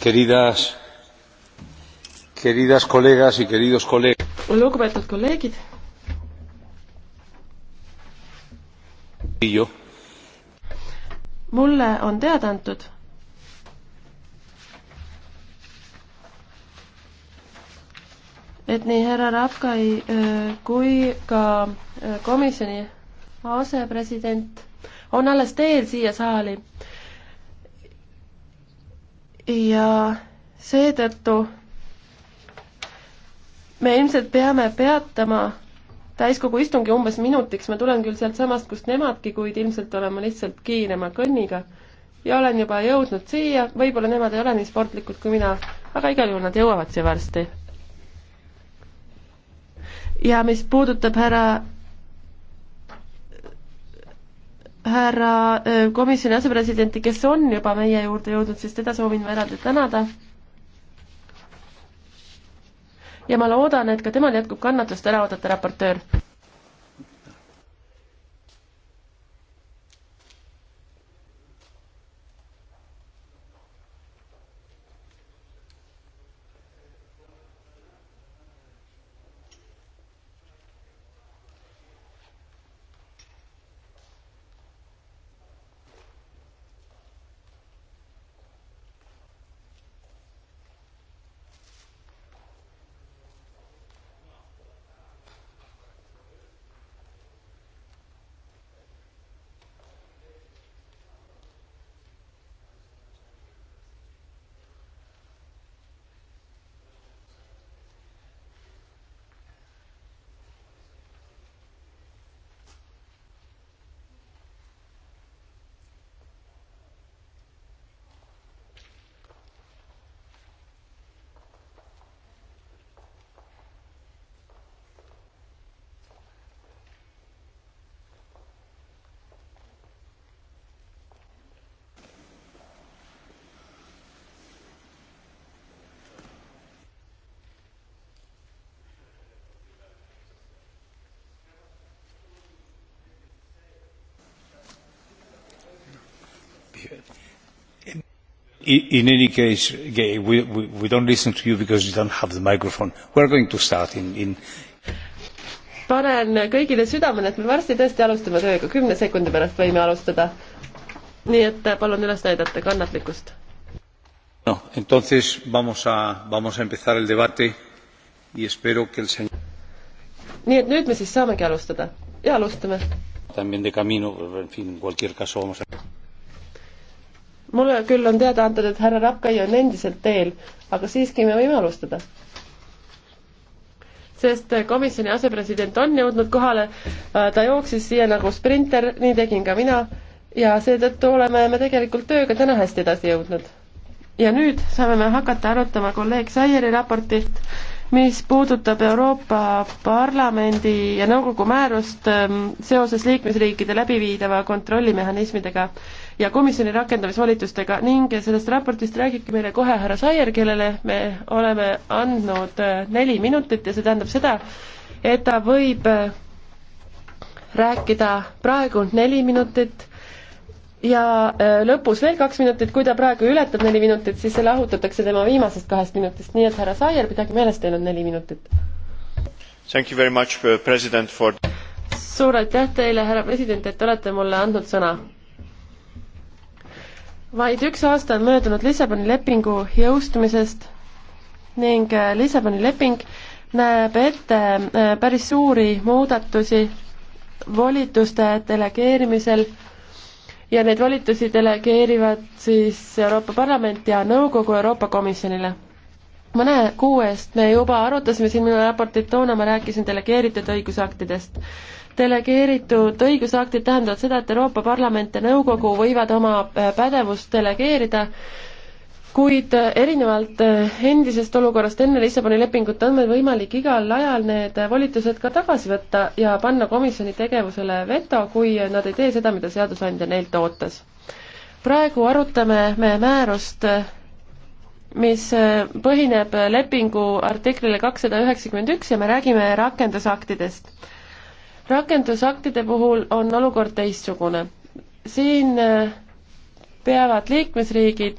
Queridas, queridas colegas y queridos colegas. lugupeetud kolleegid. mulle on teada antud, et nii härra Rapkai äh, kui ka äh, komisjoni asepresident on alles teel siia saali ja seetõttu me ilmselt peame peatama täiskogu istungi umbes minutiks, ma tulen küll sealtsamast, kust nemadki, kuid ilmselt olen ma lihtsalt kiirema kõnniga ja olen juba jõudnud siia, võib-olla nemad ei ole nii sportlikud kui mina, aga igal juhul nad jõuavad siia varsti. ja mis puudutab härra härra äh, komisjoni asepresidenti, kes on juba meie juurde jõudnud, siis teda soovin ma eraldi tänada. ja ma loodan, et ka temal jätkub kannatust ära oodata raportöör. In any case, Gay, we, we, we don't listen to you because you don't have the microphone. We are going to start in, in panen kõigile südamele, et me varsti tõesti alustame tööga, kümne sekundi pärast võime alustada. nii et äh, palun üles näidata kannatlikkust. noh, entonces vamos a, vamos a empezar el debate y espero que el señor nii et nüüd me siis saamegi alustada ja alustame. También de camino, en fin, en cualquier caso vamos a mulle küll on teada antud, et härra Rapkai on endiselt teel, aga siiski me võime alustada. sest komisjoni asepresident on jõudnud kohale, äh, ta jooksis siia nagu sprinter, nii tegin ka mina, ja seetõttu oleme me tegelikult tööga täna hästi edasi jõudnud. ja nüüd saame me hakata arutama kolleeg Saieri raportit, mis puudutab Euroopa Parlamendi ja Nõukogu määrust ähm, seoses liikmesriikide läbiviidava kontrollimehhanismidega ja komisjoni rakendamisvolitustega ning sellest raportist räägibki meile kohe härra Saier, kellele me oleme andnud äh, neli minutit ja see tähendab seda, et ta võib äh, rääkida praegu neli minutit ja äh, lõpus veel kaks minutit, kui ta praegu ületab neli minutit, siis see lahutatakse tema viimasest kahest minutist, nii et härra Saier, pidage meeles, teil on neli minutit. Uh, for... suur aitäh teile, härra president, et olete mulle andnud sõna vaid üks aasta on möödunud Lissaboni lepingu jõustumisest ning äh, Lissaboni leping näeb ette äh, päris suuri muudatusi volituste delegeerimisel ja neid volitusi delegeerivad siis Euroopa Parlament ja Nõukogu Euroopa Komisjonile. mõne kuu eest me juba arutasime siin minu raportit, toona ma rääkisin delegeeritud õigusaktidest delegeeritud õigusaktid tähendavad seda, et Euroopa Parlament ja Nõukogu võivad oma äh, pädevust delegeerida, kuid äh, erinevalt äh, endisest olukorrast enne Lissaboni lepingut on meil võimalik igal ajal need volitused ka tagasi võtta ja panna komisjoni tegevusele veto, kui nad ei tee seda, mida seadusandja neilt ootas. praegu arutame me määrust, mis põhineb lepingu artiklile kakssada üheksakümmend üks ja me räägime rakendusaktidest rakendusaktide puhul on olukord teistsugune. siin äh, peavad liikmesriigid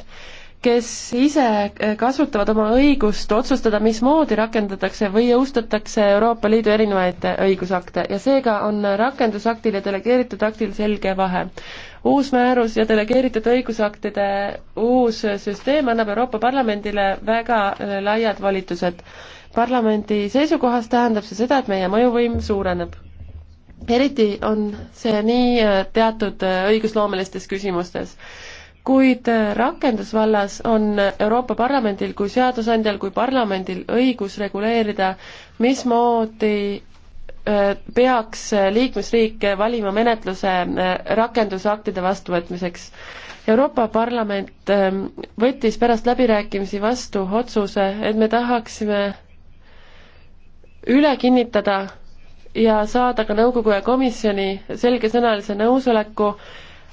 kes ise äh, kasutavad oma õigust otsustada, mismoodi rakendatakse või jõustatakse Euroopa Liidu erinevaid äh, õigusakte ja seega on rakendusaktil ja delegeeritud aktil selge vahe. uus määrus ja delegeeritud õigusaktide uus süsteem annab Euroopa Parlamendile väga laiad volitused. parlamendi seisukohast tähendab see seda, et meie mõjuvõim suureneb eriti on see nii äh, teatud äh, õigusloomelistes küsimustes kuid äh, rakendusvallas on Euroopa Parlamendil kui seadusandjal kui parlamendil õigus reguleerida, mismoodi peaks liikmesriik valima menetluse rakendusaktide vastuvõtmiseks. Euroopa Parlament ähm, võttis pärast läbirääkimisi vastu otsuse, et me tahaksime üle kinnitada ja saada ka nõukogu ja komisjoni selgesõnalise nõusoleku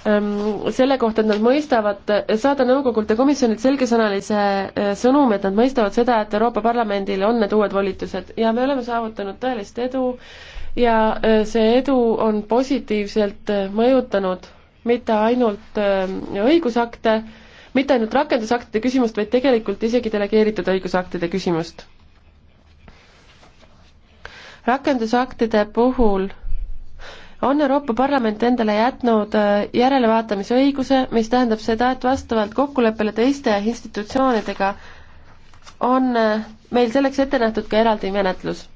ähm, selle kohta, et nad mõistavad, saada nõukogult ja komisjonilt selgesõnalise äh, sõnumi, et nad mõistavad seda, et Euroopa Parlamendil on need uued volitused ja me oleme saavutanud tõelist edu ja äh, see edu on positiivselt äh, mõjutanud mitte ainult ähm, õigusakte, mitte ainult rakendusaktide küsimust, vaid tegelikult isegi delegeeritud õigusaktide küsimust rakendusaktide puhul on Euroopa Parlament endale jätnud äh, järelevaatamisõiguse, mis tähendab seda, et vastavalt kokkuleppele teiste institutsioonidega on äh, meil selleks ette nähtud ka eraldi menetlus.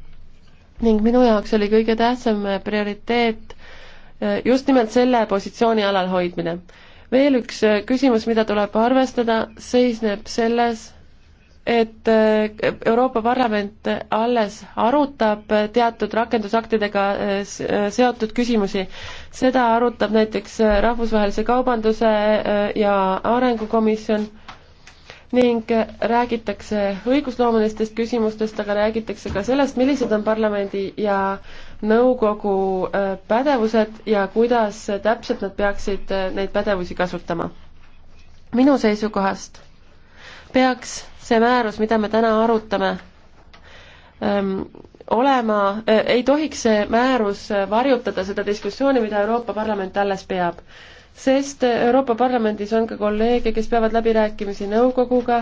ning minu jaoks oli kõige tähtsam äh, prioriteet just nimelt selle positsiooni alalhoidmine. veel üks küsimus, mida tuleb arvestada, seisneb selles, et äh, Euroopa Parlament alles arutab teatud rakendusaktidega äh, äh, seotud küsimusi. seda arutab näiteks Rahvusvahelise Kaubanduse ja Arengukomisjon ning räägitakse õigusloomelistest küsimustest, aga räägitakse ka sellest, millised on parlamendi ja nõukogu pädevused ja kuidas täpselt nad peaksid neid pädevusi kasutama. minu seisukohast peaks see määrus, mida me täna arutame, ähm, olema, äh, ei tohiks see määrus varjutada seda diskussiooni, mida Euroopa Parlament alles peab. sest Euroopa Parlamendis on ka kolleege, kes peavad läbirääkimisi nõukoguga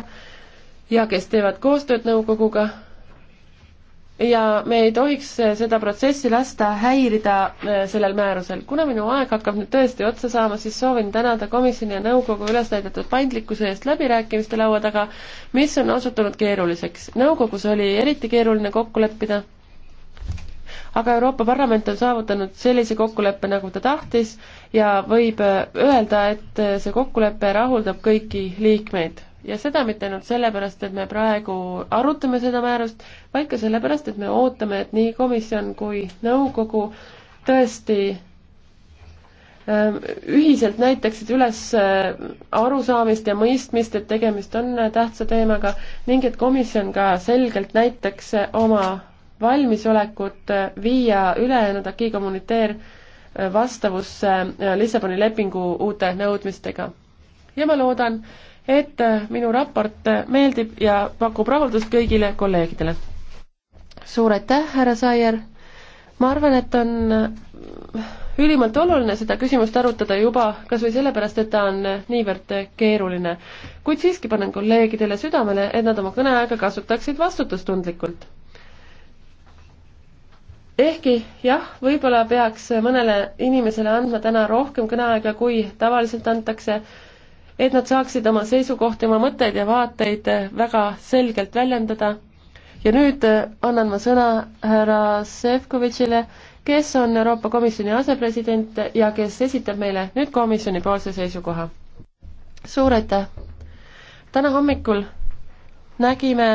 ja kes teevad koostööd nõukoguga ja me ei tohiks eh, seda protsessi lasta häirida eh, sellel määrusel. kuna minu aeg hakkab nüüd tõesti otsa saama, siis soovin tänada komisjoni ja nõukogu üles näidatud paindlikkuse eest läbirääkimiste laua taga, mis on osutunud keeruliseks. nõukogus oli eriti keeruline kokku leppida, aga Euroopa Parlament on saavutanud sellise kokkuleppe, nagu ta tahtis ja võib eh, öelda, et see kokkulepe rahuldab kõiki liikmeid ja seda mitte ainult sellepärast, et me praegu arutame seda määrust, vaid ka sellepärast, et me ootame, et nii komisjon kui nõukogu tõesti ähm, ühiselt näitaksid üles äh, arusaamist ja mõistmist, et tegemist on äh, tähtsa teemaga ning et komisjon ka selgelt näitaks äh, oma valmisolekut viia ülejäänud Aki kommuniteer vastavusse Lissaboni lepingu uute nõudmistega. ja ma loodan, et minu raport meeldib ja pakub rahuldust kõigile kolleegidele. suur aitäh, härra Saier! ma arvan, et on ülimalt oluline seda küsimust arutada juba kas või sellepärast, et ta on niivõrd keeruline. kuid siiski panen kolleegidele südamele, et nad oma kõneaega kasutaksid vastutustundlikult. ehkki jah, võib-olla peaks mõnele inimesele andma täna rohkem kõneaega, kui tavaliselt antakse, et nad saaksid oma seisukohti, oma mõtteid ja vaateid väga selgelt väljendada. ja nüüd äh, annan ma sõna härra Sefkovitšile, kes on Euroopa Komisjoni asepresident ja kes esitab meile nüüd komisjonipoolse seisukoha. suur aitäh! täna hommikul nägime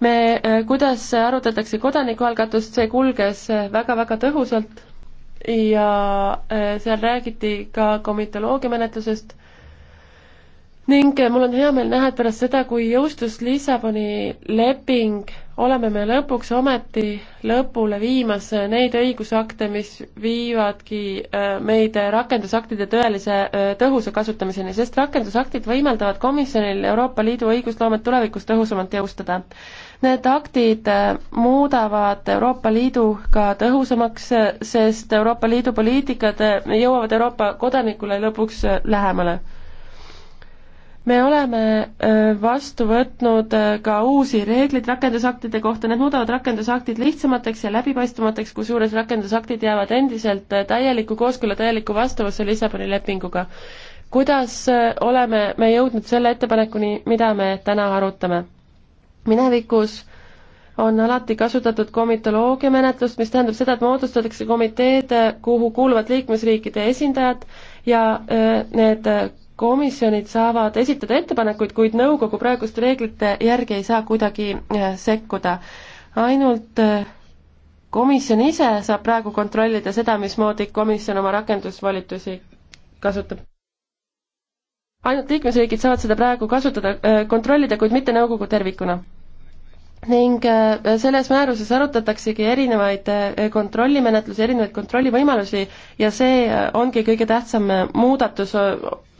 me, äh, kuidas arutatakse kodanikualgatust, see kulges väga-väga äh, tõhusalt ja äh, seal räägiti ka komitoloogia menetlusest ning äh, mul on hea meel näha, et pärast seda, kui jõustus Lissaboni leping, oleme me lõpuks ometi lõpule viimas neid õigusakte, mis viivadki äh, meid rakendusaktide tõelise äh, tõhusa kasutamiseni, sest rakendusaktid võimaldavad komisjonil Euroopa Liidu õigusloomet tulevikus tõhusamalt jõustada. Need aktid äh, muudavad Euroopa Liidu ka tõhusamaks, sest Euroopa Liidu poliitikad jõuavad Euroopa kodanikule lõpuks lähemale me oleme äh, vastu võtnud äh, ka uusi reegleid rakendusaktide kohta, need muudavad rakendusaktid lihtsamateks ja läbipaistvamateks, kusjuures rakendusaktid jäävad endiselt äh, täieliku kooskõla, täieliku vastavusse Lissaboni lepinguga. kuidas oleme me jõudnud selle ettepanekuni, mida me täna arutame? minevikus on alati kasutatud komitoloogia menetlust, mis tähendab seda, et moodustatakse komiteed, kuhu kuuluvad liikmesriikide esindajad ja need komisjonid saavad esitada ettepanekuid, kuid nõukogu praeguste reeglite järgi ei saa kuidagi eh, sekkuda. ainult eh, komisjon ise saab praegu kontrollida seda, mismoodi komisjon oma rakendusvolitusi kasutab. ainult liikmesriigid saavad seda praegu kasutada, eh, kontrollida, kuid mitte nõukogu tervikuna ning äh, selles määruses arutataksegi erinevaid äh, kontrollimenetlusi, erinevaid kontrollivõimalusi ja see äh, ongi kõige tähtsam muudatus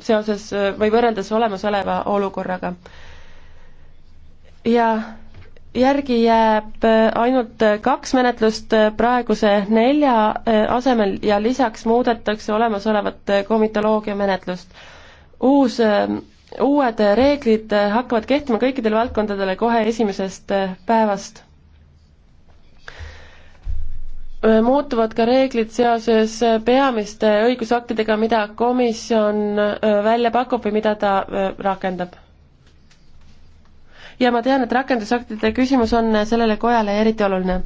seoses või võrreldes olemasoleva olukorraga. ja järgi jääb ainult kaks menetlust praeguse nelja asemel ja lisaks muudetakse olemasolevat komitoloogia menetlust. uus uued reeglid hakkavad kehtima kõikidele valdkondadele kohe esimesest eh, päevast. muutuvad ka reeglid seoses eh, peamiste õigusaktidega, mida komisjon eh, välja pakub või mida ta rakendab. ja ma tean, et rakendusaktide küsimus on sellele kojale eriti oluline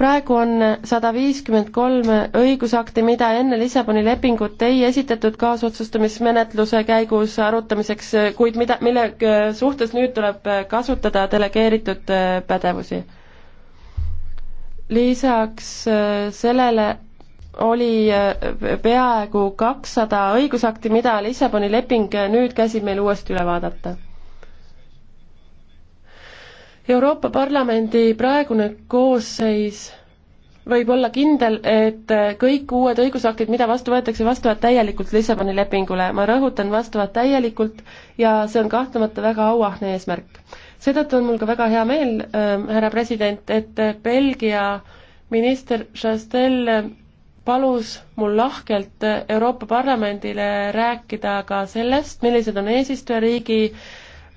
praegu on sada viiskümmend kolm õigusakti, mida enne Lissaboni lepingut ei esitatud kaasotsustamismenetluse käigus arutamiseks, kuid mida, mille äh, suhtes nüüd tuleb äh, kasutada delegeeritud äh, pädevusi. lisaks sellele oli peaaegu kakssada õigusakti, mida Lissaboni leping nüüd käsib meil uuesti üle vaadata Euroopa Parlamendi praegune koosseis võib olla kindel, et kõik uued õigusaktid, mida vastu võetakse, vastavad täielikult Lissaboni lepingule. ma rõhutan, vastavad täielikult ja see on kahtlemata väga auahne eesmärk. seetõttu on mul ka väga hea meel äh,, härra president, et Belgia minister Chastel palus mul lahkelt Euroopa Parlamendile rääkida ka sellest, millised on eesistujariigi äh,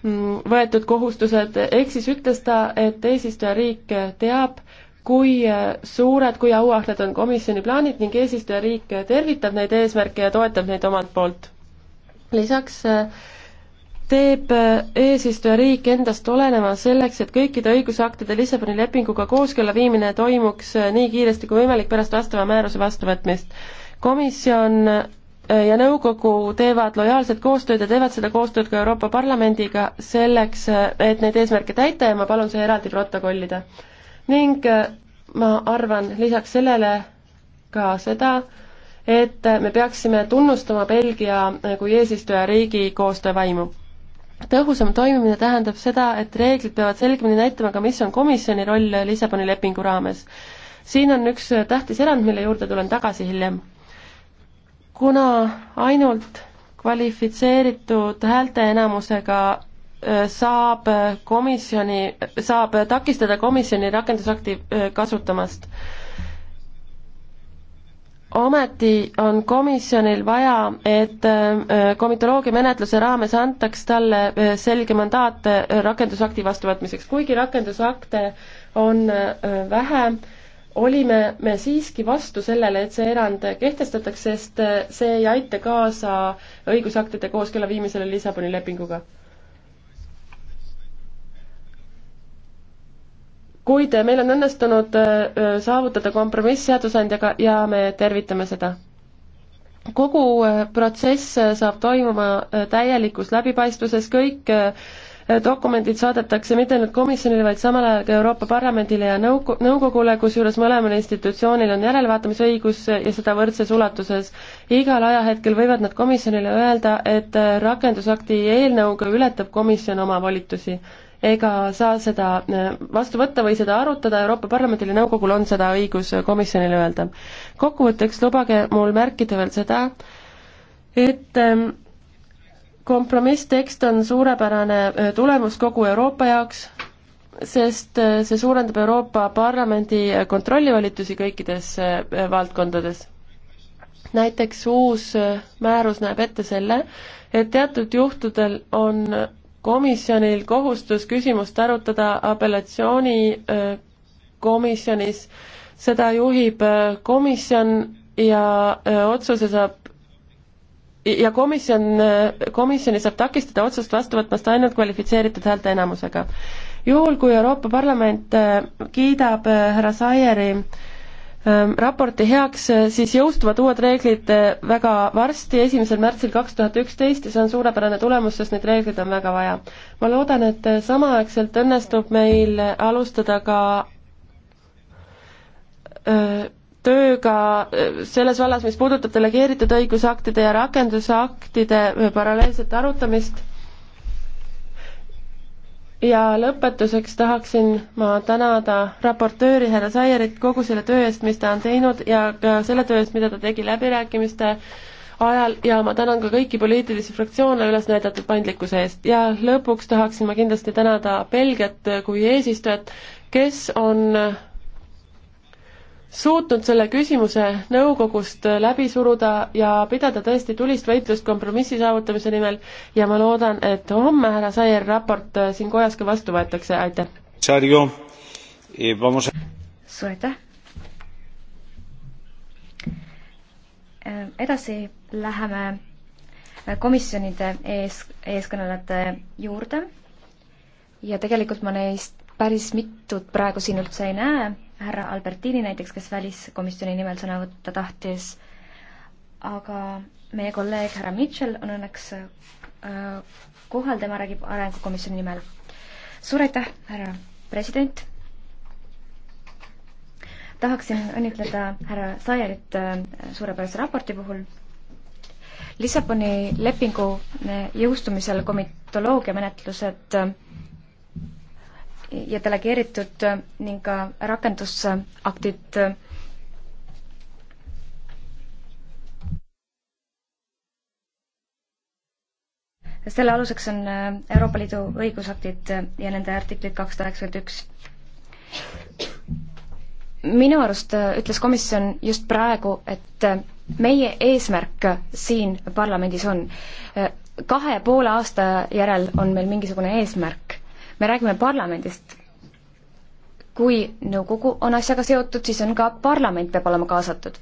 võetud kohustused, ehk siis ütles ta, et eesistujariik teab, kui suured, kui auahned on komisjoni plaanid ning eesistujariik tervitab neid eesmärke ja toetab neid omalt poolt. lisaks äh, teeb äh, eesistujariik endast oleneva selleks, et kõikide õigusaktide Lissaboni lepinguga kooskõlla viimine toimuks äh, nii kiiresti kui võimalik pärast vastava määruse vastuvõtmist. komisjon ja nõukogu teevad lojaalset koostööd ja teevad seda koostööd ka Euroopa Parlamendiga selleks, et neid eesmärke täita ja ma palun see eraldi protokollida. ning äh, ma arvan lisaks sellele ka seda, et me peaksime tunnustama Belgia kui eesistujariigi koostöövaimu. tõhusam toimimine tähendab seda, et reeglid peavad selgemini näitama ka, mis on komisjoni roll Lissaboni lepingu raames. siin on üks tähtis erand, mille juurde tulen tagasi hiljem kuna ainult kvalifitseeritud häälteenamusega saab komisjoni, saab takistada komisjoni rakendusakti kasutamast. ometi on komisjonil vaja, et komitoloogia menetluse raames antaks talle selge mandaat rakendusakti vastuvõtmiseks, kuigi rakendusakte on vähe, olime me siiski vastu sellele, et see erand kehtestataks, sest see ei aita kaasa õigusaktide kooskõla viimisele Lissaboni lepinguga. kuid meil on õnnestunud saavutada kompromiss seadusandjaga ja me tervitame seda. kogu protsess saab toimuma täielikus läbipaistvuses, kõik dokumendid saadetakse mitte ainult komisjonile, vaid samal ajal ka Euroopa Parlamendile ja nõuku-, nõukogule, kusjuures mõlemal institutsioonil on järelevaatamisõigus ja seda võrdses ulatuses. igal ajahetkel võivad nad komisjonile öelda, et rakendusakti eelnõuga ületab komisjon oma volitusi. ega saa seda eh, vastu võtta või seda arutada, Euroopa Parlamendil ja nõukogul on seda õigus komisjonile öelda. kokkuvõtteks lubage mul märkida veel seda, et ehm, kompromisstekst on suurepärane äh, tulemus kogu Euroopa jaoks, sest äh, see suurendab Euroopa Parlamendi äh, kontrollivolitusi kõikides valdkondades. näiteks uus määrus näeb ette selle, et teatud juhtudel on komisjonil kohustus küsimust arutada apellatsioonikomisjonis, seda juhib komisjon ja otsuse saab ja komisjon, komisjoni saab takistada otsust vastu võtmast ainult kvalifitseeritud häälteenamusega. juhul, kui Euroopa Parlament äh, kiidab äh, härra Saieri ähm, raporti heaks, äh, siis jõustuvad uued reeglid väga varsti, esimesel märtsil kaks tuhat üksteist ja see on suurepärane tulemus, sest neid reegleid on väga vaja. ma loodan, et samaaegselt õnnestub meil alustada ka öö, tööga äh, selles vallas, mis puudutab delegeeritud õigusaktide ja rakendusaktide äh, paralleelset arutamist. ja lõpetuseks tahaksin ma tänada raportööri härra Saierit kogu selle töö eest, mis ta on teinud ja ka selle töö eest, mida ta tegi läbirääkimiste ajal ja ma tänan ka kõiki poliitilisi fraktsioone üles näidatud paindlikkuse eest ja lõpuks tahaksin ma kindlasti tänada Belgiat kui eesistujat, kes on suutnud selle küsimuse nõukogust läbi suruda ja pidada tõesti tulist võitlust kompromissi saavutamise nimel ja ma loodan, et homme härra Saier raport äh, siin kojas ka vastu võetakse, aitäh! E, suur aitäh! Äh, edasi läheme äh, komisjonide ees, eeskõnelejate juurde ja tegelikult ma neist päris mitut praegu siin üldse ei näe, härra Albertini näiteks, kes väliskomisjoni nimel sõna võtta tahtis, aga meie kolleeg härra Mitchell on õnneks äh, kohal, tema räägib Arengukomisjoni nimel. suur aitäh, härra president! tahaksin õnnitleda härra Saierit äh, suurepärase raporti puhul Lissaboni lepingu äh, jõustumisel komitoloogia menetlused äh, ja delegeeritud ning ka rakendusaktid selle aluseks on Euroopa Liidu õigusaktid ja nende artiklid kakssada üheksakümmend üks. minu arust ütles komisjon just praegu, et meie eesmärk siin parlamendis on, kahe poole aasta järel on meil mingisugune eesmärk me räägime parlamendist. kui nõukogu on asjaga seotud, siis on ka parlament peab olema kaasatud.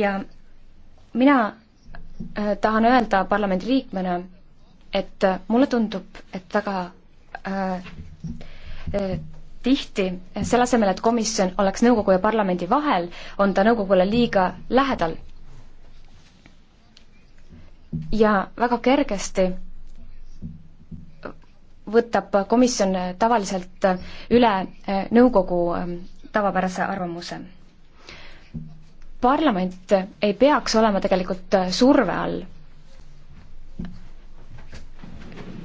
ja mina äh, tahan öelda parlamendi liikmena, et äh, mulle tundub, et väga äh, äh, tihti äh, selle asemel, et komisjon oleks nõukogu ja parlamendi vahel, on ta nõukogule liiga lähedal. ja väga kergesti võtab komisjon tavaliselt üle eh, nõukogu eh, tavapärase arvamuse. parlament ei peaks olema tegelikult eh, surve all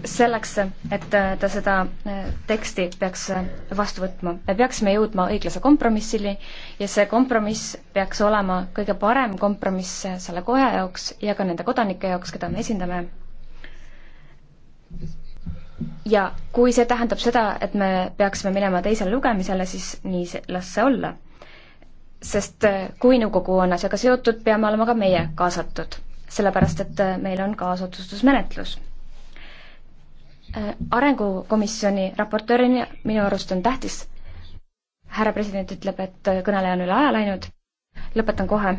selleks, et ta seda teksti peaks vastu võtma. me peaksime jõudma õiglase kompromissini ja see kompromiss peaks olema kõige parem kompromiss selle koja jaoks ja ka nende kodanike jaoks, keda me esindame ja kui see tähendab seda, et me peaksime minema teisele lugemisele, siis nii see, las see olla. sest äh, kui nõukogu on asjaga seotud, peame olema ka meie kaasatud, sellepärast et äh, meil on kaasotsustusmenetlus. Äh, arengukomisjoni raportöörini minu arust on tähtis, härra president ütleb, et kõneleja on üle aja läinud, lõpetan kohe.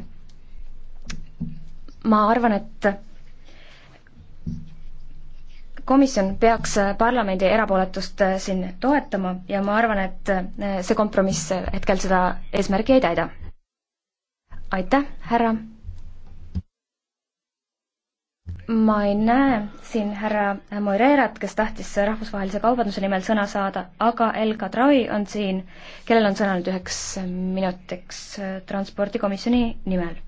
ma arvan, et komisjon peaks äh, parlamendi erapooletust äh, siin toetama ja ma arvan, et äh, see kompromiss hetkel seda eesmärki ei täida. aitäh, härra. ma ei näe siin härra Moireerat, kes tahtis rahvusvahelise kaubanduse nimel sõna saada, aga El Kadraui on siin, kellel on sõna nüüd üheks minutiks transpordikomisjoni nimel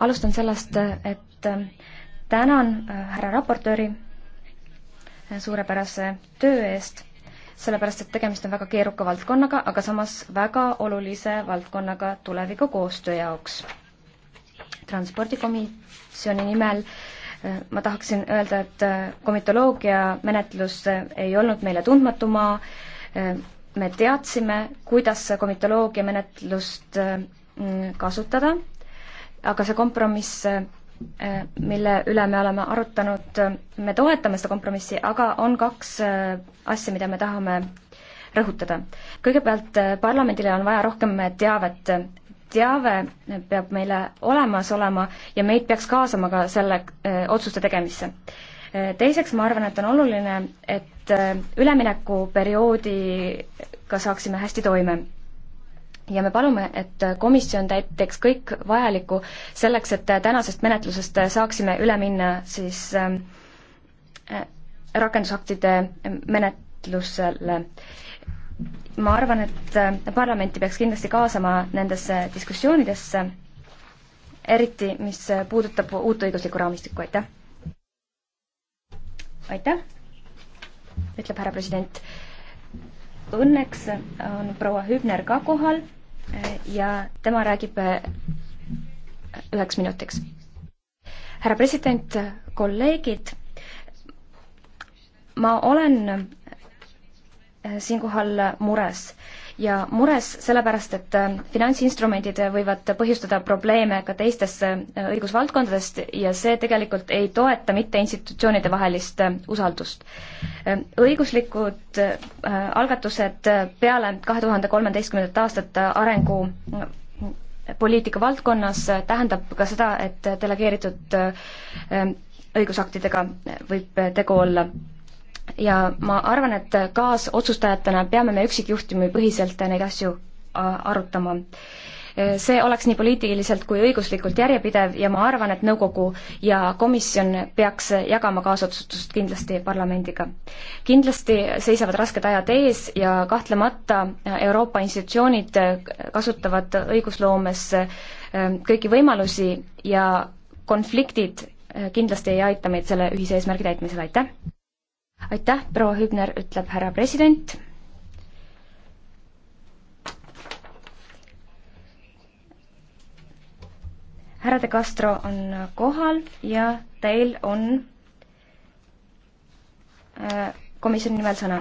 alustan sellest, et äh, tänan äh, härra raportööri äh, suurepärase töö eest, sellepärast et tegemist on väga keeruka valdkonnaga, aga samas väga olulise valdkonnaga tuleviku koostöö jaoks. transpordikomisjoni nimel ma tahaksin öelda, et komitoloogia menetlus ei olnud meile tundmatu maa, me teadsime, kuidas komitoloogia menetlust kasutada aga see kompromiss, äh, mille üle me oleme arutanud, äh, me toetame seda kompromissi, aga on kaks äh, asja, mida me tahame rõhutada. kõigepealt parlamendile on vaja rohkem teavet. teave peab meile olemas olema ja meid peaks kaasama ka selle otsuste tegemisse. teiseks, ma arvan, et on oluline, et üleminekuperioodiga saaksime hästi toime ja me palume, et komisjon teeks kõik vajalikku selleks, et tänasest menetlusest saaksime üle minna siis ähm, äh, rakendusaktide menetlusele. ma arvan, et äh, parlamenti peaks kindlasti kaasama nendesse diskussioonidesse, eriti mis puudutab uut õiguslikku raamistikku, aitäh! aitäh, ütleb härra president. Õnneks on proua Hübner ka kohal ja tema räägib äh, üheks minutiks. härra president, kolleegid, ma olen äh, siinkohal mures ja mures sellepärast, et äh, finantsinstrumendid võivad põhjustada probleeme ka teistes äh, õigusvaldkondadest ja see tegelikult ei toeta mitte institutsioonide vahelist äh, usaldust. õiguslikud algatused peale kahe tuhande kolmeteistkümnendat aastat arengu poliitika valdkonnas tähendab ka seda, et delegeeritud õigusaktidega võib tegu olla ja ma arvan, et kaasotsustajatena peame me üksikjuhtumi põhiselt neid asju arutama. E, see oleks nii poliitiliselt kui õiguslikult järjepidev ja ma arvan, et nõukogu ja komisjon peaks jagama kaasotsustust kindlasti parlamendiga. kindlasti seisavad rasked ajad ees ja kahtlemata Euroopa institutsioonid kasutavad õigusloomes e, kõiki võimalusi ja konfliktid e, kindlasti ei aita meid selle ühise eesmärgi täitmisel, aitäh! aitäh, proua Hübner, ütleb härra president. härra De Castro on kohal ja teil on äh, komisjoni nimel sõna.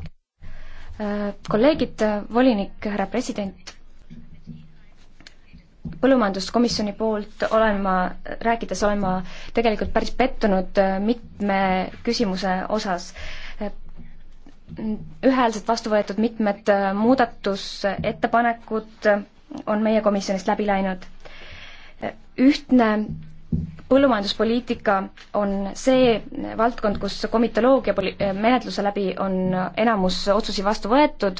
Äh, kolleegid, volinik, härra president põllumajanduskomisjoni poolt olen ma, rääkides olen ma tegelikult päris pettunud äh, mitme küsimuse osas. ühehäälselt vastu võetud mitmed äh, muudatusettepanekud äh, on meie komisjonist läbi läinud. ühtne põllumajanduspoliitika on see valdkond, kus komitoloogia menetluse läbi on enamus otsusi vastu võetud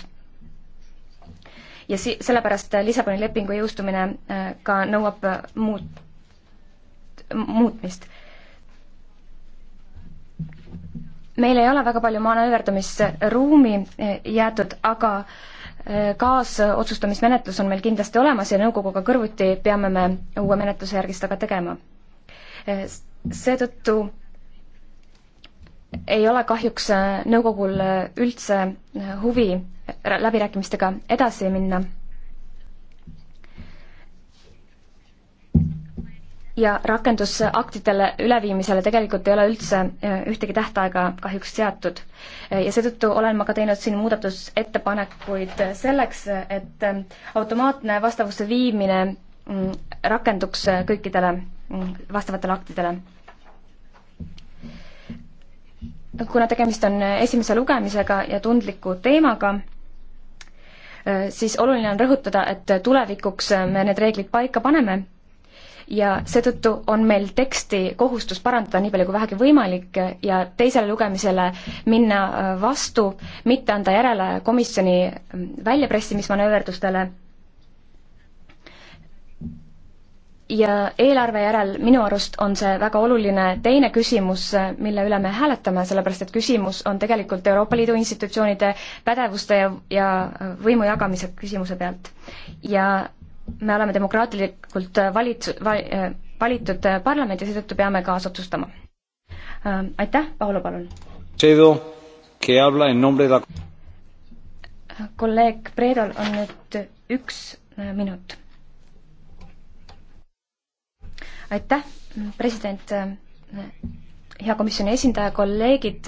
ja si-, sellepärast Lissaboni lepingu jõustumine äh, ka nõuab äh, muut-, muutmist. meil ei ole väga palju manööverdamisruumi äh, jäetud, aga kaasotsustamismenetlus on meil kindlasti olemas ja nõukoguga kõrvuti peame me uue menetluse järgi seda ka tegema. seetõttu ei ole kahjuks nõukogul üldse huvi läbirääkimistega edasi minna. ja rakendusaktidele üleviimisele tegelikult ei ole üldse äh, ühtegi tähtaega kahjuks seatud. Äh, ja seetõttu olen ma ka teinud siin muudatusettepanekuid äh, selleks, et automaatne vastavusse viimine mm, rakenduks kõikidele mm, vastavatele aktidele kuna tegemist on esimese lugemisega ja tundliku teemaga, Äh, siis oluline on rõhutada, et tulevikuks äh, me need reeglid paika paneme ja seetõttu on meil teksti kohustus parandada nii palju kui vähegi võimalik ja teisele lugemisele minna äh, vastu, mitte anda järele komisjoni mm, väljapressimismanööverdustele ja eelarve järel minu arust on see väga oluline teine küsimus, mille üle me hääletame, sellepärast et küsimus on tegelikult Euroopa Liidu institutsioonide pädevuste ja, ja võimu jagamise küsimuse pealt. ja me oleme demokraatlikult valits- val,, valitud parlament ja seetõttu peame kaasotsustama. aitäh, Paolo, palun. kolleeg Predol on nüüd üks minut aitäh, president, hea komisjoni esindaja, kolleegid,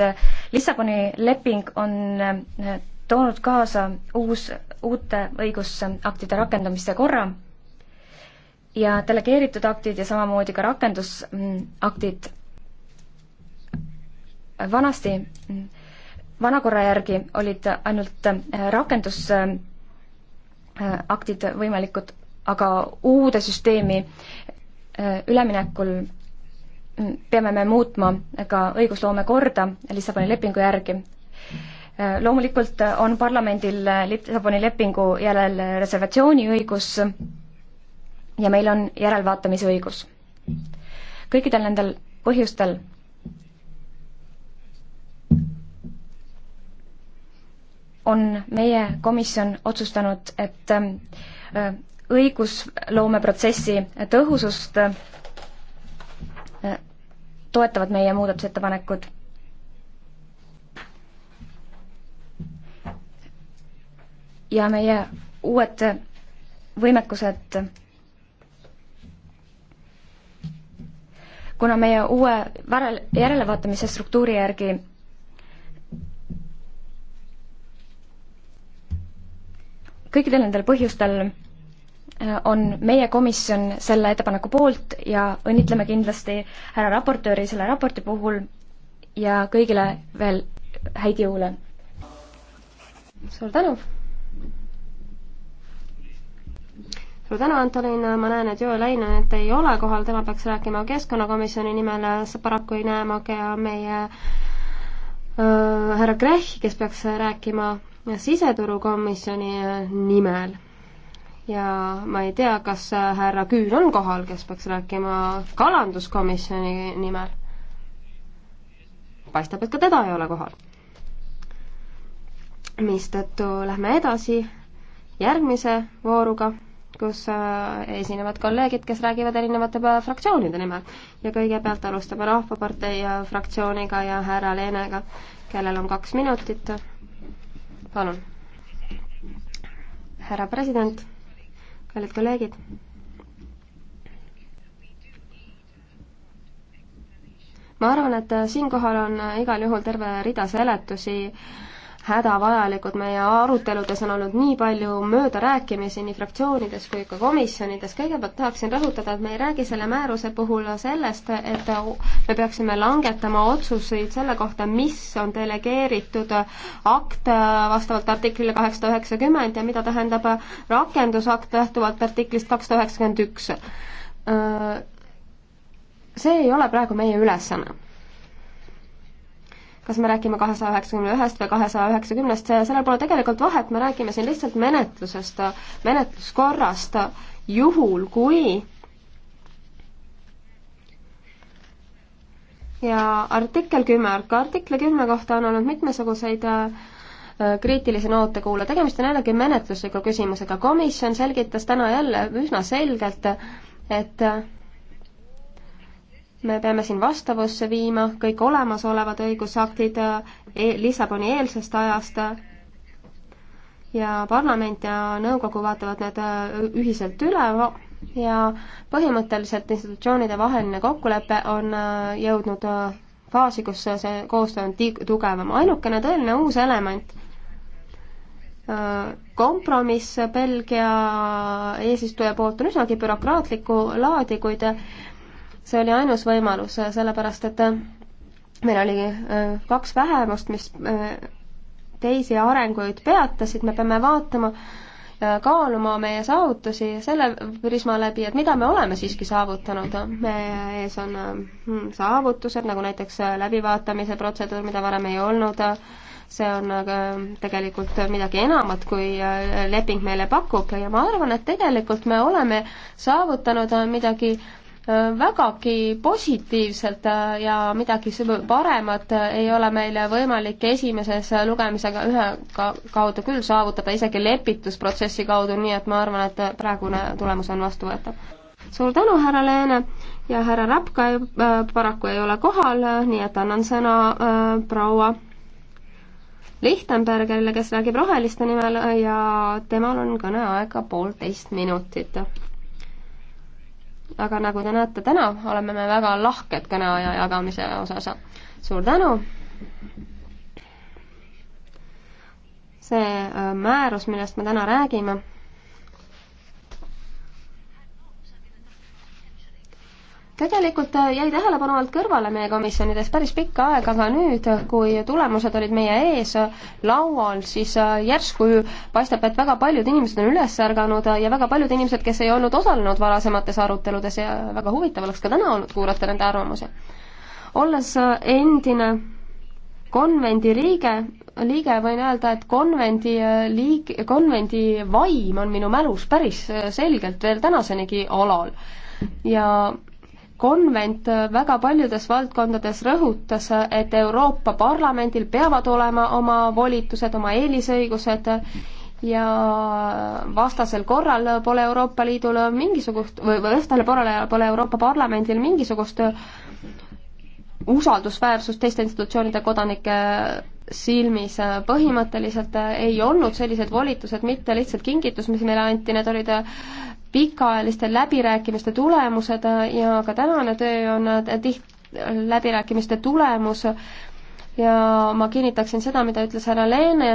Lissaboni leping on äh, toonud kaasa uus, uute õigusaktide rakendamise korra ja delegeeritud aktid ja samamoodi ka rakendusaktid vanasti, vanakorra järgi olid ainult äh, rakendusaktid võimalikud, aga uude süsteemi Äh, üleminekul peame me muutma ka õigusloome korda Lissaboni lepingu järgi. Äh, loomulikult on parlamendil Lissaboni lepingu järel reservatsiooniõigus ja meil on järelvaatamisõigus. kõikidel nendel põhjustel on meie komisjon otsustanud, et äh, õigusloomeprotsessi tõhusust äh, toetavad meie muudatusettepanekud. ja meie uued võimekused kuna meie uue varel, järelevaatamise struktuuri järgi kõikidel nendel põhjustel Äh, on meie komisjon selle ettepaneku poolt ja õnnitleme kindlasti härra raportööri selle raporti puhul ja kõigile veel häid jõule. suur tänu! suur tänu, Antonin, ma näen, et Joel Ainet ei ole kohal, tema peaks rääkima keskkonnakomisjoni nimel, paraku ei näe ma ka meie äh, härra Krehhi, kes peaks rääkima siseturukomisjoni äh, nimel ja ma ei tea, kas härra Küür on kohal, kes peaks rääkima kalanduskomisjoni nimel. paistab, et ka teda ei ole kohal. mistõttu lähme edasi järgmise vooruga, kus äh, esinevad kolleegid, kes räägivad erinevate äh, fraktsioonide nimel. ja kõigepealt alustame Rahvapartei äh, fraktsiooniga ja härra Leenega, kellel on kaks minutit. palun. härra president kallid kolleegid. ma arvan, et siinkohal on igal juhul terve rida seletusi hädavajalikud, meie aruteludes on olnud nii palju möödarääkimisi nii fraktsioonides kui ka komisjonides, kõigepealt tahaksin rõhutada, et me ei räägi selle määruse puhul sellest, et me peaksime langetama otsuseid selle kohta, mis on delegeeritud akt vastavalt artiklile kaheksasada üheksakümmend ja mida tähendab rakendusakt lähtuvalt artiklist kakssada üheksakümmend üks. Äh, see ei ole praegu meie ülesanne kas me räägime kahesaja üheksakümne ühest või kahesaja üheksakümnest, sellel pole tegelikult vahet, me räägime siin lihtsalt menetlusest, menetluskorrast, juhul kui ja artikkel kümme, ka artikli kümne kohta on olnud mitmesuguseid äh, kriitilisi noote kuula, tegemist on jällegi menetlusliku küsimusega, komisjon selgitas täna jälle üsna selgelt, et äh, me peame siin vastavusse viima kõik olemasolevad õigusaktid e, Lissaboni eelsest ajast ja parlament ja nõukogu vaatavad need ühiselt üle ja põhimõtteliselt institutsioonide vaheline kokkulepe on jõudnud faasi, kus see koostöö on tugevam. ainukene tõeline uus element kompromiss Belgia eesistuja poolt on üsnagi bürokraatliku laadi, kuid see oli ainus võimalus, sellepärast et äh, meil oli äh, kaks vähemust, mis äh, teisi arenguid peatasid, me peame vaatama, kaaluma meie saavutusi selle prisma läbi, et mida me oleme siiski saavutanud. meie ees on hmm, saavutused, nagu näiteks läbivaatamise protseduur, mida varem ei olnud, see on tegelikult midagi enamat, kui leping meile pakub ja ma arvan, et tegelikult me oleme saavutanud midagi Äh, vägagi positiivselt äh, ja midagi paremat äh, ei ole meil võimalik esimeses lugemisega ühe kaudu küll saavutada, isegi lepitusprotsessi kaudu, nii et ma arvan, et praegune tulemus on vastuvõetav. suur tänu, härra Leene ja härra Rapka paraku ei ole kohal, nii et annan sõna äh, proua Lichtenbergerile, kes räägib roheliste nimel ja temal on kõneaega poolteist minutit aga nagu te näete täna, oleme me väga lahked kõneaja jagamise osas. suur tänu! see äh, määrus, millest me täna räägime tegelikult äh, jäi tähelepanu alt kõrvale meie komisjonides päris pikka aega, aga nüüd, kui tulemused olid meie ees äh, laual, siis äh, järsku paistab, et väga paljud inimesed on üles ärganud ja väga paljud inimesed, kes ei olnud osalenud varasemates aruteludes ja väga huvitav oleks ka täna olnud kuulata nende arvamusi. olles endine konvendi liige, liige võin öelda, et konvendi liig-, konvendi vaim on minu mälus päris selgelt veel tänasenigi alal ja konvent väga paljudes valdkondades rõhutas, et Euroopa Parlamendil peavad olema oma volitused, oma eelisõigused ja vastasel korral pole Euroopa Liidul mingisugust või, või vastasel korral pole Euroopa Parlamendil mingisugust usaldusväärsust teiste institutsioonide kodanike silmis põhimõtteliselt ei olnud sellised volitused mitte lihtsalt kingitus, mis meile anti, need olid pikaajaliste läbirääkimiste tulemused äh, ja ka tänane töö on äh, tiht-, läbirääkimiste tulemus ja ma kinnitaksin seda, mida ütles härra Leene,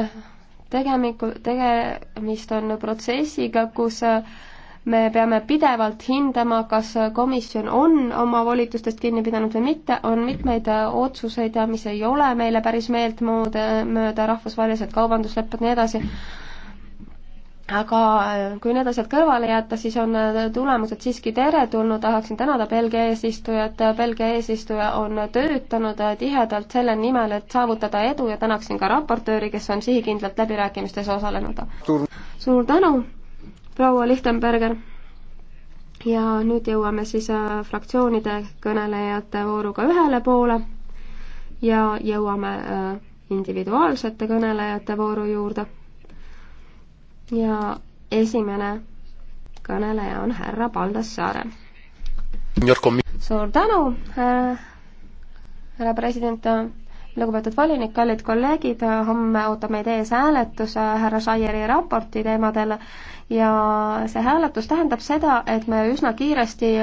tegemiku, tegemist on protsessiga, kus äh, me peame pidevalt hindama, kas komisjon on oma volitustest kinni pidanud või mitte, on mitmeid otsuseid, mis ei ole meile päris meeltmööda, mööda rahvusvahelised kaubanduslepped, nii edasi, aga äh, kui need asjad kõrvale jätta, siis on äh, tulemused siiski teretulnud, tahaksin tänada Belgia eesistujat, Belgia eesistuja on töötanud äh, tihedalt selle nimel, et saavutada edu ja tänaksin ka raportööri, kes on sihikindlalt läbirääkimistes osalenud. suur tänu, proua Lichtenberger! ja nüüd jõuame siis fraktsioonide kõnelejate vooruga ühele poole ja jõuame individuaalsete kõnelejate vooru juurde ja esimene kõneleja on härra Paldassaare. suur tänu, härra president, lugupeetud volinik, kallid kolleegid, homme ootab meid ees hääletus härra Saieri raporti teemadel ja see hääletus tähendab seda, et me üsna kiiresti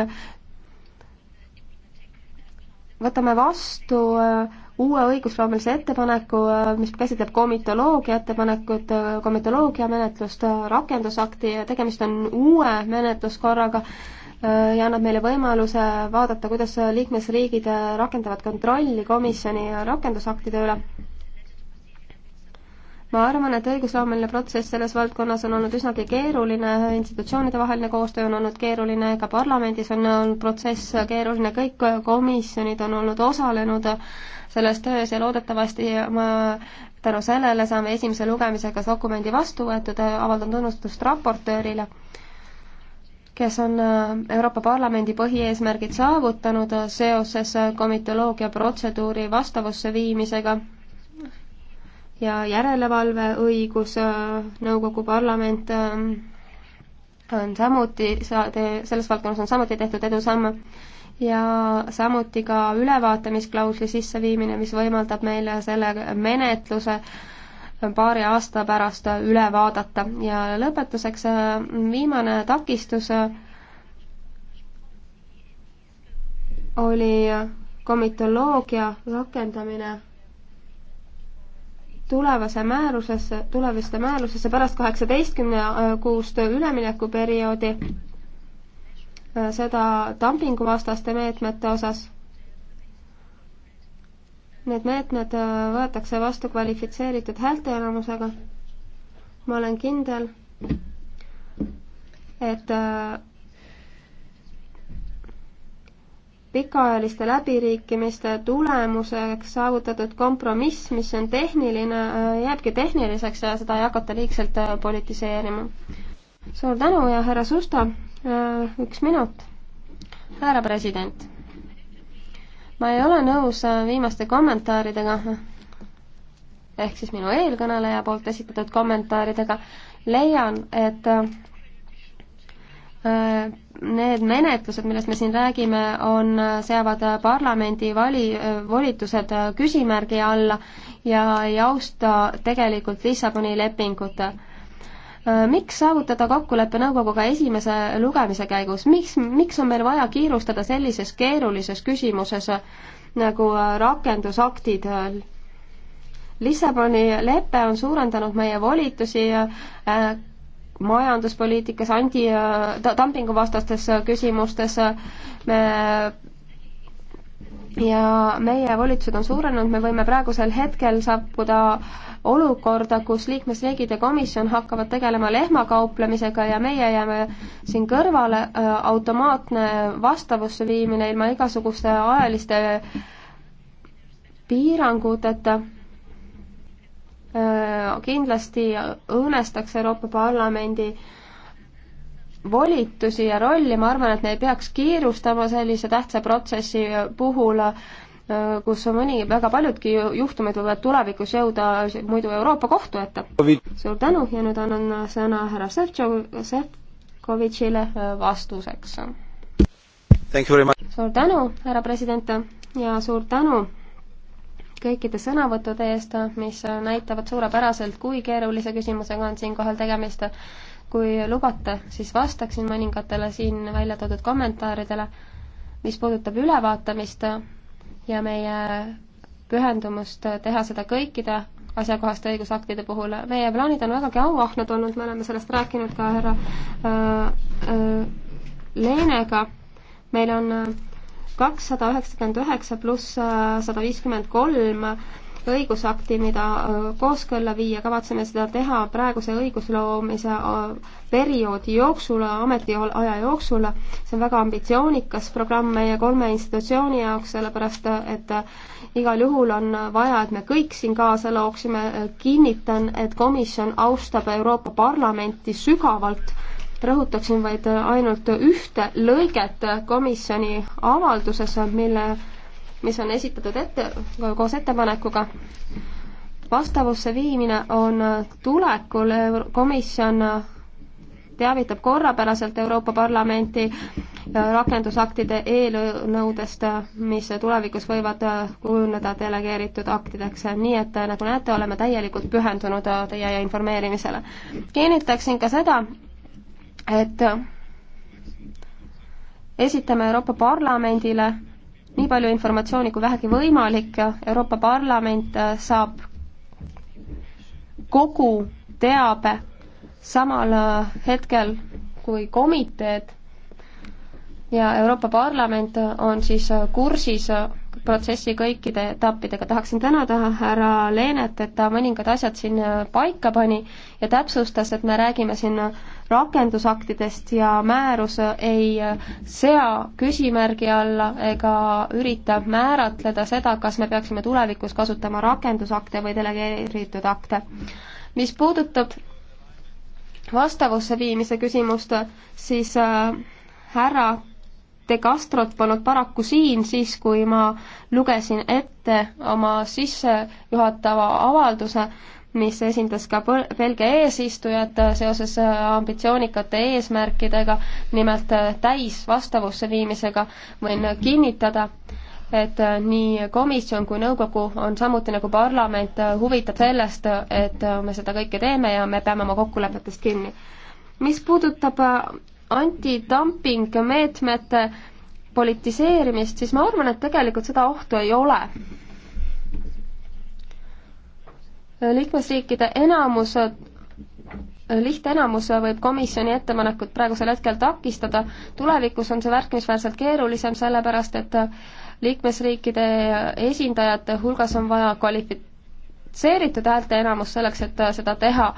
võtame vastu äh, uue õigusloomelise ettepaneku, mis käsitleb komitoloogia ettepanekut, komitoloogia menetlust, rakendusakti, tegemist on uue menetluskorraga ja annab meile võimaluse vaadata, kuidas liikmesriigid rakendavad kontrolli komisjoni rakendusaktide üle ma arvan, et õigusloomeline protsess selles valdkonnas on olnud üsnagi keeruline, institutsioonide vaheline koostöö on olnud keeruline, ka parlamendis on olnud protsess keeruline, kõik komisjonid on olnud osalenud selles töös ja loodetavasti ma tänu sellele saame esimese lugemisega dokumendi vastu võetud, avaldan tunnustust raportöörile, kes on Euroopa Parlamendi põhieesmärgid saavutanud seoses komitoloogia protseduuri vastavusse viimisega ja järelevalveõigus, äh, nõukogu parlament ähm, on samuti, selles valdkonnas on samuti tehtud edusamme ja samuti ka ülevaatamisklausli sisseviimine, mis võimaldab meile selle menetluse paari aasta pärast üle vaadata ja lõpetuseks äh, viimane takistus äh, oli komitoloogia rakendamine tulevase määrusesse, tuleviste määrusesse pärast kaheksateistkümne äh, kuust üleminekuperioodi, äh, seda dumpinguvastaste meetmete osas. Need meetmed äh, võetakse vastu kvalifitseeritud häälteenamusega. ma olen kindel, et pikaajaliste läbiriikimiste tulemuseks saavutatud kompromiss, mis on tehniline, jääbki tehniliseks ja seda ei hakata liigselt äh, politiseerima. suur tänu ja härra Susta, äh, üks minut. härra president, ma ei ole nõus äh, viimaste kommentaaridega, ehk siis minu eelkõneleja poolt esitatud kommentaaridega, leian, et Äh, need menetlused, millest me siin räägime, on, äh, seavad äh, parlamendi vali, volitused küsimärgi alla ja ei austa tegelikult Lissaboni lepingut miks saavutada kokkulepe nõukoguga esimese lugemise käigus, miks, miks on meil vaja kiirustada sellises keerulises küsimuses nagu rakendusaktid? Lissaboni lepe on suurendanud meie volitusi majanduspoliitikas, anti- ta,, dumpinguvastastes küsimustes me ja meie volitused on suurenenud, me võime praegusel hetkel sattuda olukorda, kus liikmesriigid ja komisjon hakkavad tegelema lehmakauplemisega ja meie jääme siin kõrvale, äh, automaatne vastavusse viimine ilma igasuguste ajaliste piiranguteta kindlasti õõnestaks Euroopa Parlamendi volitusi ja rolli, ma arvan, et me ei peaks kiirustama sellise tähtsa protsessi puhul, kus mõni, väga paljudki juhtumid võivad tulevikus jõuda muidu Euroopa Kohtu ette. suur tänu ja nüüd annan sõna härra Sefcovitšile vastuseks. suur tänu, härra president, ja suur tänu kõikide sõnavõttude eest, mis näitavad suurepäraselt, kui keerulise küsimusega on siinkohal tegemist. kui lubate, siis vastaksin mõningatele siin välja toodud kommentaaridele, mis puudutab ülevaatamist ja meie pühendumust teha seda kõikide asjakohaste õigusaktide puhul. meie plaanid on vägagi auahned olnud, me oleme sellest rääkinud ka härra äh, äh, Leenega, meil on äh, kakssada üheksakümmend üheksa pluss äh, sada viiskümmend kolm õigusakti, mida äh, kooskõlla viia, kavatseme seda teha praeguse õigusloomise äh, perioodi jooksul, ametiaja jooksul. see on väga ambitsioonikas programm meie kolme institutsiooni jaoks, sellepärast et igal juhul on vaja, et me kõik siin kaasa looksime. kinnitan, et komisjon austab Euroopa Parlamenti sügavalt rõhutaksin vaid ainult ühte lõiget komisjoni avalduses, mille, mis on esitatud ette, koos ettepanekuga. vastavusse viimine on tulekul, komisjon teavitab korrapäraselt Euroopa Parlamenti rakendusaktide eelnõudest, mis tulevikus võivad kujuneda delegeeritud aktideks, nii et nagu näete, oleme täielikult pühendunud teie informeerimisele. kinnitaksin ka seda, et esitame Euroopa Parlamendile nii palju informatsiooni kui vähegi võimalik, Euroopa Parlament saab kogu teabe samal hetkel kui komiteed ja Euroopa Parlament on siis kursis protsessi kõikide etappidega. tahaksin tänada härra Leenet, et ta mõningad asjad siin paika pani ja täpsustas, et me räägime siin rakendusaktidest ja määrus ei sea küsimärgi alla ega ürita määratleda seda, kas me peaksime tulevikus kasutama rakendusakte või delegeeritud akte. mis puudutab vastavusse viimise küsimust, siis äh, härra De Castrot polnud paraku siin siis, kui ma lugesin ette oma sissejuhatava avalduse, mis esindas ka Belgia eesistujat seoses äh, ambitsioonikate eesmärkidega, nimelt äh, täisvastavusse viimisega, võin kinnitada, et äh, nii komisjon kui nõukogu on samuti nagu parlament huvitav sellest, et me seda kõike teeme ja me peame oma kokkulepetest kinni. mis puudutab antidumping meetmete politiseerimist, siis ma arvan, et tegelikult seda ohtu ei ole liikmesriikide enamus, lihtenamus võib komisjoni ettepanekut praegusel hetkel takistada, tulevikus on see märkimisväärselt keerulisem, sellepärast et liikmesriikide esindajate hulgas on vaja kvalifitseeritud häälteenamus selleks, et seda teha.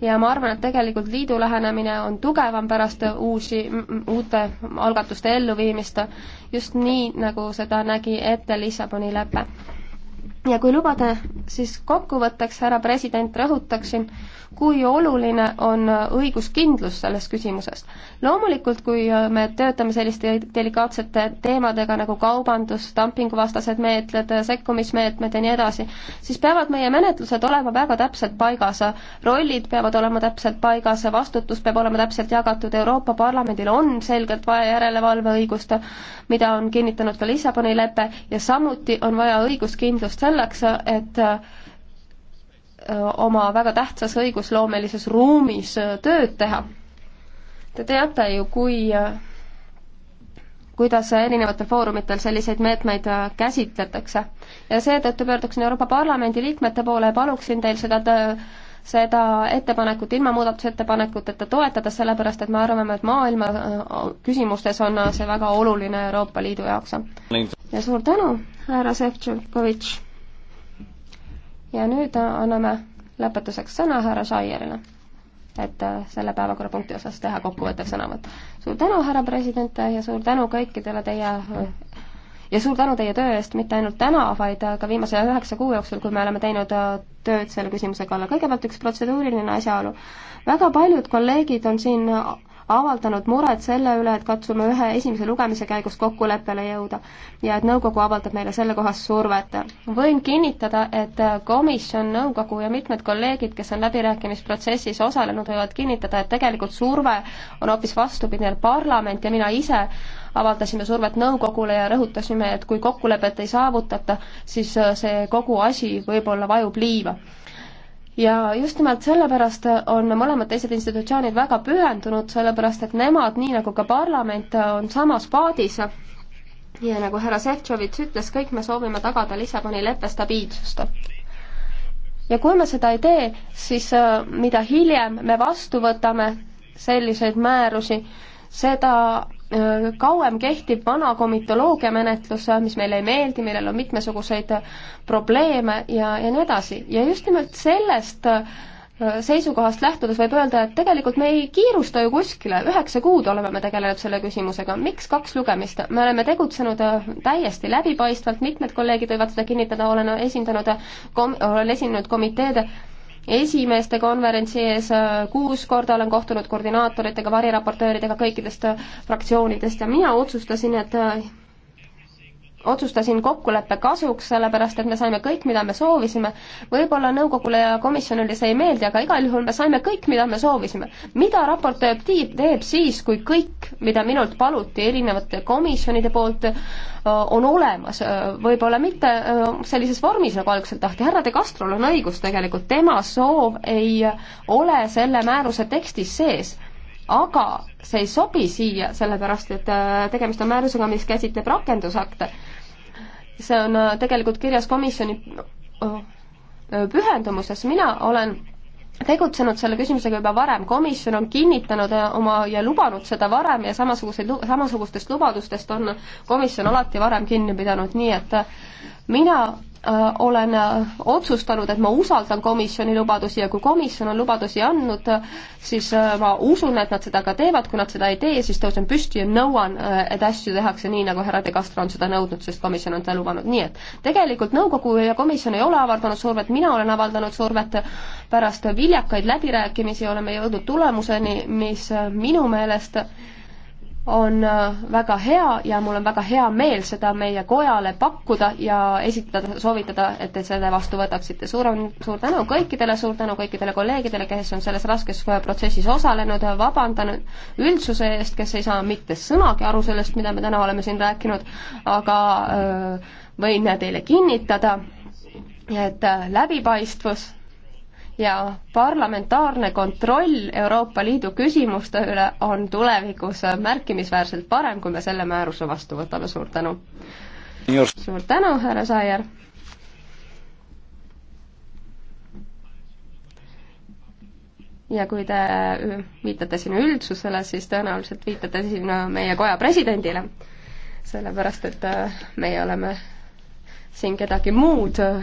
ja ma arvan, et tegelikult liidu lähenemine on tugevam pärast uusi, uute algatuste elluviimist, just nii, nagu seda nägi ette Lissaboni lepe ja kui lubate, siis kokkuvõtteks, härra president, rõhutaksin, kui oluline on äh, õiguskindlus selles küsimuses. loomulikult, kui äh, me töötame selliste delikaatsete teemadega nagu kaubandus, dumpinguvastased meetmed, äh, sekkumismeetmed ja nii edasi, siis peavad meie menetlused olema väga täpselt paigas, rollid peavad olema täpselt paigas, vastutus peab olema täpselt jagatud, Euroopa Parlamendil on selgelt vaja järelevalveõigust, mida on kinnitanud ka Lissaboni lepe, ja samuti on vaja õiguskindlust selleks, et Äh, oma väga tähtsas õigusloomelises ruumis äh, tööd teha. Te teate ju, kui, äh, kuidas erinevatel foorumitel selliseid meetmeid käsitletakse. ja seetõttu pöörduksin Euroopa Parlamendi liikmete poole ja paluksin teil seda töö seda ettepanekut ilma muudatusettepanekuteta toetada, sellepärast et me arvame, et maailma küsimustes on see väga oluline Euroopa Liidu jaoks. ja suur tänu, härra Šefčokovitš! ja nüüd anname lõpetuseks sõna härra Shaierile, et äh, selle päevakorrapunkti osas teha kokkuvõttev sõnavõtt. suur tänu, härra president, ja suur tänu kõikidele teie äh, ja suur tänu teie töö eest, mitte ainult täna, vaid äh, ka viimase üheksa kuu jooksul, kui me oleme teinud tööd selle küsimuse kallal. kõigepealt üks protseduuriline asjaolu. väga paljud kolleegid on siin avaldanud muret selle üle, et katsume ühe esimese lugemise käigus kokkuleppele jõuda ja et nõukogu avaldab meile sellekohast survet. võin kinnitada, et komisjon, nõukogu ja mitmed kolleegid, kes on läbirääkimisprotsessis osalenud, võivad kinnitada, et tegelikult surve on hoopis vastupidine, parlament ja mina ise avaldasime survet nõukogule ja rõhutasime, et kui kokkulepet ei saavutata, siis see kogu asi võib-olla vajub liiva ja just nimelt sellepärast on mõlemad teised institutsioonid väga pühendunud, sellepärast et nemad, nii nagu ka parlament, on samas paadis ja nagu härra Sefcovitš ütles, kõik me soovime tagada Lissaboni leppe stabiilsust. ja kui me seda ei tee, siis äh, mida hiljem me vastu võtame selliseid määrusi, seda Äh, kauem kehtib vana komitoloogia menetlus, mis meile ei meeldi, millel on mitmesuguseid äh, probleeme ja, ja nii edasi. ja just nimelt sellest äh, seisukohast lähtudes võib öelda, et tegelikult me ei kiirusta ju kuskile, üheksa kuud oleme me tegelenud selle küsimusega, miks kaks lugemist? me oleme tegutsenud täiesti läbipaistvalt, mitmed kolleegid võivad seda kinnitada, olen esindanud kom-, olen esinenud komiteede esimeeste konverentsi ees äh, kuus korda, olen kohtunud koordinaatoritega, variraportööridega kõikidest äh, fraktsioonidest ja mina otsustasin, et äh, otsustasin kokkuleppe kasuks, sellepärast et me saime kõik, mida me soovisime. võib-olla nõukogule ja komisjonile see ei meeldi, aga igal juhul me saime kõik, mida me soovisime. mida raportöör tiib, teeb siis, kui kõik, mida minult paluti erinevate komisjonide poolt, on olemas, võib-olla mitte sellises vormis, nagu algselt tahti, härra De Castrol on õigus tegelikult, tema soov ei ole selle määruse tekstis sees aga see ei sobi siia, sellepärast et tegemist on määrusega, mis käsitleb rakendusakte see on äh, tegelikult kirjas komisjoni äh, pühendumuses, mina olen tegutsenud selle küsimusega juba varem, komisjon on kinnitanud äh, oma ja lubanud seda varem ja samasuguseid, samasugustest lubadustest on komisjon alati varem kinni pidanud, nii et mina äh, olen äh, otsustanud, et ma usaldan komisjoni lubadusi ja kui komisjon on lubadusi andnud, siis äh, ma usun, et nad seda ka teevad, kui nad seda ei tee, siis tõusen püsti ja nõuan, et asju tehakse nii, nagu härra De Castro on seda nõudnud, sest komisjon on seda lubanud, nii et tegelikult nõukogu ja komisjon ei ole avaldanud survet, mina olen avaldanud survet, pärast viljakaid läbirääkimisi oleme jõudnud tulemuseni, mis minu meelest on äh, väga hea ja mul on väga hea meel seda meie kojale pakkuda ja esitada, soovitada, et te selle vastu võtaksite. suur on, suur tänu kõikidele, suur tänu kõikidele kolleegidele, kes on selles raskes äh, protsessis osalenud, vabandan üldsuse eest, kes ei saa mitte sõnagi aru sellest, mida me täna oleme siin rääkinud, aga öö, äh, võin teile kinnitada, et läbipaistvus ja parlamentaarne kontroll Euroopa Liidu küsimuste üle on tulevikus märkimisväärselt parem, kui me selle määruse vastu võtame, suur tänu. suur tänu, härra Saier. ja kui te viitate siin üldsusele, siis tõenäoliselt viitate siin meie koja presidendile, sellepärast et äh, meie oleme siin kedagi muud